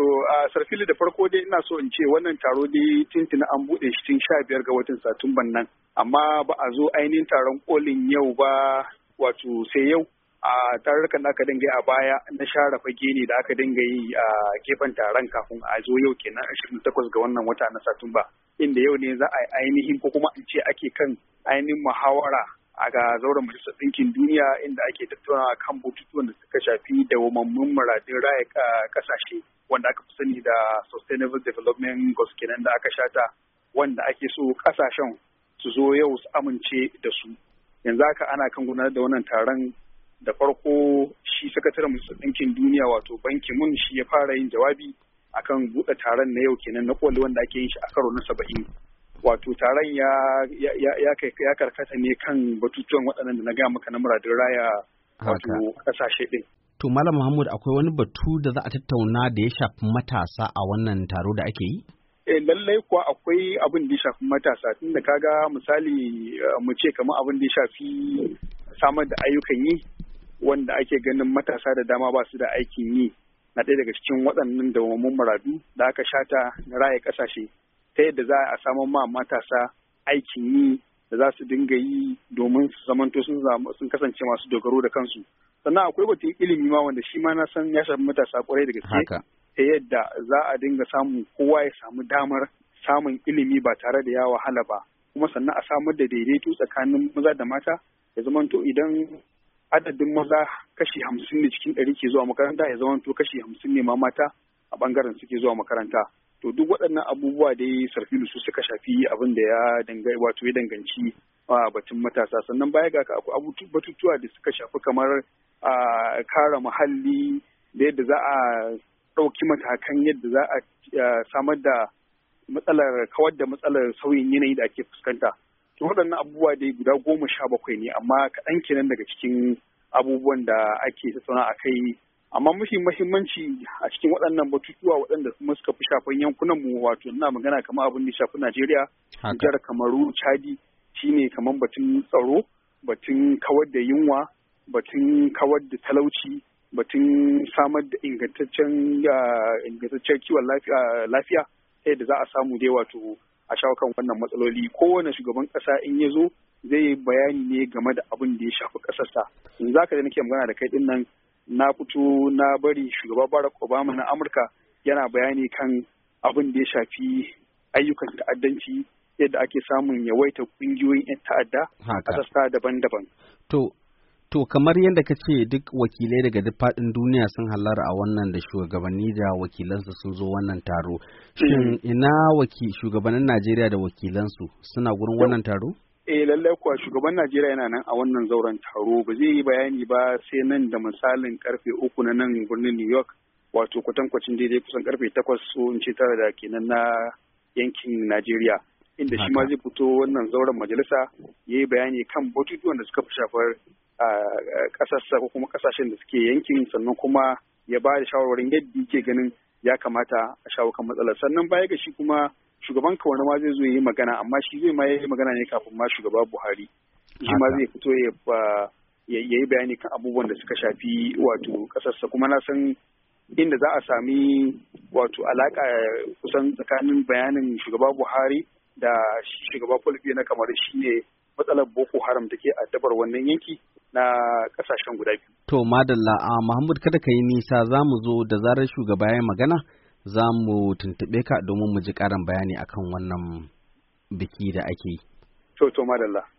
To a sarfili da farko dai ina so in ce wannan taro dai tintina an buɗe shi tun sha biyar ga watan Satumban nan. Amma ba a zo ainihin taron kolin yau ba wato sai yau a tarurrukan da aka dinga yi a baya na share fage ne da aka dinga yi a gefen taron kafin a zo yau kenan ashirin takwas ga wannan wata na Satumba. Inda yau ne za a ainihin ko kuma in ce ake kan ainihin muhawara a ga zauren majalisar ɗinkin duniya inda ake tattauna kan batutuwan da suka shafi dawamammun ra'ayi raya kasashe eh, wanda aka fi sani da sustainable development goals kenan da aka shata wanda ake so ƙasashen su zo yau su amince da su yanzu haka ana kan gudanar da wannan taron da farko shi sakataren majalisar ɗinkin duniya wato banki mun shi ya fara yin jawabi akan buɗe taron na yau kenan na koli wanda ake yin shi a karo na saba'in wato taron ya karkata ne kan batutuwan waɗannan da na gaya maka na muradin raya wato ƙasashe ɗin. To Malam Muhammad akwai wani batu da za a tattauna da ya shafi matasa a wannan taro da ake yi? Eh lallai kuwa akwai abin da ya shafi matasa tun da kaga misali eh, mu ce kamar abin da ya shafi samar da ayyukan yi wanda ake ganin matasa da dama ba su da aikin yi na ɗaya daga cikin waɗannan dawamin muradu da aka shata na raya ƙasashe. ta yadda za a samu ma matasa aikin yi da za su dinga yi domin su zamanto sun kasance masu dogaro da kansu sannan akwai batun ilimi ma wanda shi ma na san ya shafi matasa kwarai da gaske ta yadda za a dinga samun kowa ya samu damar samun ilimi ba tare da ya wahala ba kuma sannan a samar da daidaito tsakanin maza da mata ya zamanto idan adadin maza kashi hamsin ne cikin ɗari ke zuwa makaranta ya zamanto kashi hamsin ne ma mata a ɓangaren suke zuwa makaranta to duk waɗannan abubuwa dai sarfilu su suka shafi abin da ya dangai wato ya danganci a batun matasa sannan baya ga akwai batutuwa da suka shafi kamar a kare muhalli da yadda za a ɗauki matakan yadda za a samar da matsalar kawar da matsalar sauyin yanayi da ake fuskanta to waɗannan abubuwa dai guda goma sha bakwai ne amma kaɗan kenan daga cikin abubuwan da ake tattauna a kai amma mafi mahimmanci a cikin waɗannan batutuwa waɗanda kuma suka fi shafan yankunan mu wato ina magana kamar abin da shafi Najeriya jihar Kamaru Chadi shine kamar batun tsaro batun kawar da yunwa batun kawar da talauci batun samar da ingantaccen ingantaccen kiwon lafiya ta da za a samu dai wato a shawo kan wannan matsaloli kowane shugaban ƙasa in ya zo zai bayani ne game da abin da ya shafi ƙasarsa in za ka da nake magana da kai ɗin nan na fito na bari shugaba barack obama na amurka yana bayani kan abin da ya shafi ayyukan ta'addanci yadda ake samun yawaitar ƙungiyoyin 'yan ta'adda a sassa daban-daban. To, kamar yadda ka ce duk wakilai daga duk faɗin duniya sun halara a wannan da shugabanni da wakilansu sun zo wannan taro. Shin eh. ina waki shugabannin Najeriya da wakilansu suna gurin wannan taro? eh lallai kuwa shugaban najeriya yana nan a wannan zauren taro ba zai yi bayani ba sai nan da misalin karfe uku na nan birnin new york wato kwatankwacin daidai kusan karfe takwas so in ce tara da kenan na yankin najeriya inda shi ma zai fito wannan zauren majalisa ya yi bayani kan batutuwan da suka fi shafar ƙasarsa ko kuma ƙasashen da suke yankin sannan kuma ya ba da shawarwarin yadda ke ganin ya kamata a shawo kan matsalar sannan baya ga shi kuma shugaban kawana ma zai zo yi magana amma shi zai ma yi magana ne kafin ma shugaba buhari shi ma zai fito ya yi bayani kan abubuwan da suka shafi wato kasarsa kuma na san inda za a sami wato alaka kusan tsakanin bayanin shugaba buhari da shugaba polibiya na kamar shi ne matsalar boko haram da ke addabar wannan yanki na kasashen guda biyu. To madalla a Muhammad kada ka yi nisa za mu zo da zarar shugaba ya magana za mu tuntuɓe ka domin mu ji ƙarin bayani akan wannan biki da ake yi. To, to, madalla.